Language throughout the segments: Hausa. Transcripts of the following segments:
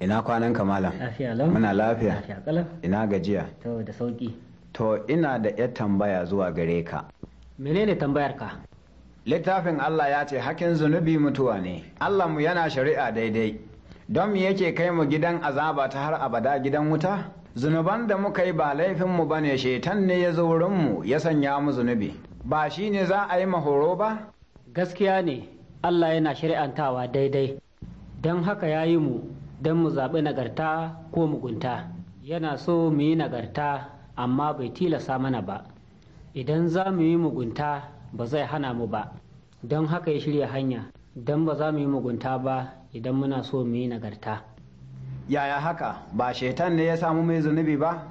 ina kwanan kamala muna lafiya ina gajiya to da sauki to ina da yar tambaya zuwa gare ka menene tambayar ka littafin Allah ya ce hakin zunubi mutuwa ne Allah mu yana shari'a daidai don mu yake kai mu gidan azaba ta har abada gidan wuta zunuban da muka yi ba laifin mu bane shaitan ne ya zo wurin mu ya sanya mu zunubi ba shi ne za a yi mahoro ba gaskiya ne Allah yana shari'antawa daidai don haka ya yi mu don mu zaɓi nagarta ko mugunta yana so mu yi nagarta amma bai tilasa mana ba idan za mu yi mugunta ba zai hana mu ba don haka ya shirya hanya don ba za mu yi mugunta ba idan muna so mu yi nagarta yaya haka ba shaitan ne ya samu mai zunubi ba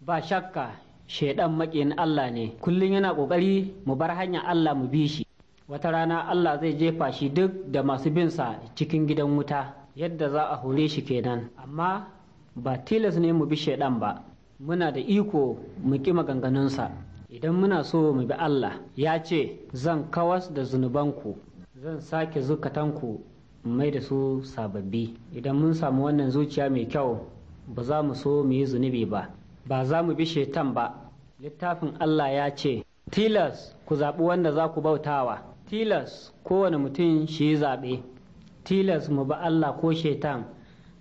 ba shakka shaidan makin allah ne kullum yana ƙoƙari mu bar hanya allah mu bi shi wata rana allah zai jefa shi duk da masu binsa cikin gidan wuta yadda za a hore shi kenan amma ba tilas ne mu bi shaidan ba muna da iko mu ƙi maganganunsa idan muna so mu bi Allah ya ce zan kawas da zunubanku zan sake zukatanku mai da su sababbi idan mun samu wannan zuciya mai kyau ba za mu so mu yi zunubi ba ba za mu bi shaitan ba littafin Allah ya ce tilas ku zaɓi wanda za ku bautawa tilas kowane mutum shi zaɓe tilas mu ba Allah ko shaitan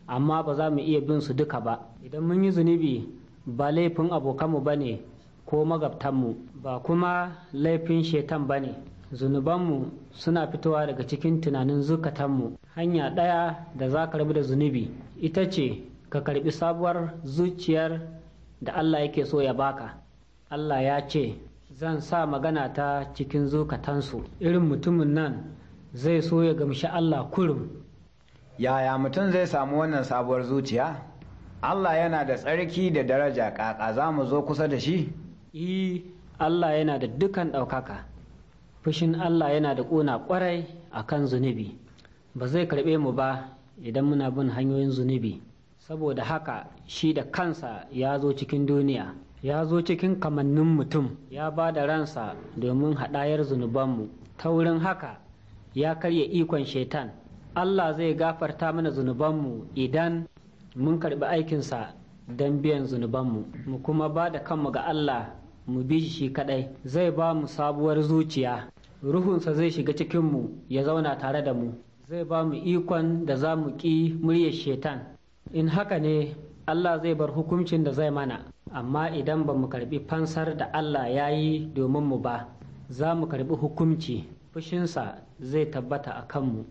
amma ba za mu iya bin su duka ba idan mun yi zunubi ba laifin abokanmu ba ne ko magabtanmu ba kuma laifin shaitan ba ne zunubanmu suna fitowa daga cikin tunanin zukatanmu hanya ɗaya da za ka rabu da zunubi ita ce ka karbi sabuwar zuciyar da Allah yake so ya baka Allah ya ce zan sa magana ta cikin zukatansu irin mutumin nan zai so ya gamshi Allah kurum. Yaya mutum zai samu wannan sabuwar zuciya? Allah yana da tsarki da daraja ƙaƙa za mu zo kusa da shi? E, Allah yana da dukan ɗaukaka. Fushin Allah yana da ƙuna ƙwarai a kan zunubi. Ba zai karɓe mu ba idan muna bin hanyoyin zunubi. Saboda haka shi da kansa ya zo cikin duniya. Ya zo cikin kamannin mutum ya ba da ransa domin haɗayar zunubanmu. Ta wurin haka ya karya ikon shaitan Allah zai gafarta mana zunubanmu idan mun karbi aikinsa don biyan zunubanmu mu kuma ba da kanmu ga Allah mu bi shi kadai zai ba mu sabuwar zuciya ruhunsa zai shiga cikinmu ya zauna tare da mu zai ba mu ikon da za mu ƙi muryar shaitan in haka ne Allah zai bar hukuncin da zai mana amma idan ba mu karbi fansar da Allah ya yi domin mu ba za mu karbi hukunci fushinsa zai tabbata a kanmu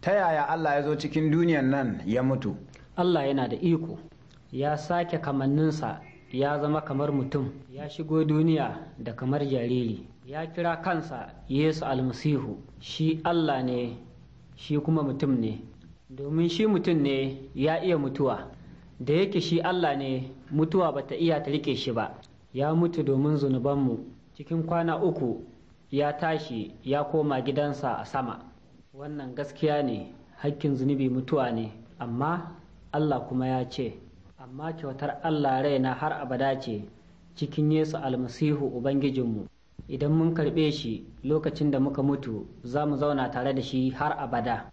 ta yaya allah ya zo cikin duniyan nan ya mutu allah yana da iko ya sake kamanninsa ya zama kamar mutum ya shigo duniya da kamar jariri ya kira kansa yesu almasihu shi allah ne shi kuma mutum ne domin shi mutum ne ya iya mutuwa da yake shi allah ne mutuwa bata iya ta rike shi ba ya mutu domin zunubanmu cikin kwana uku ya tashi ya koma gidansa a sama wannan gaskiya ne hakkin zunubi mutuwa ne amma Allah kuma ya ce amma kyautar Allah raina har abada ce cikin Yesu almasihu Ubangijinmu idan mun karɓe shi lokacin da muka mutu za mu zauna tare da shi har abada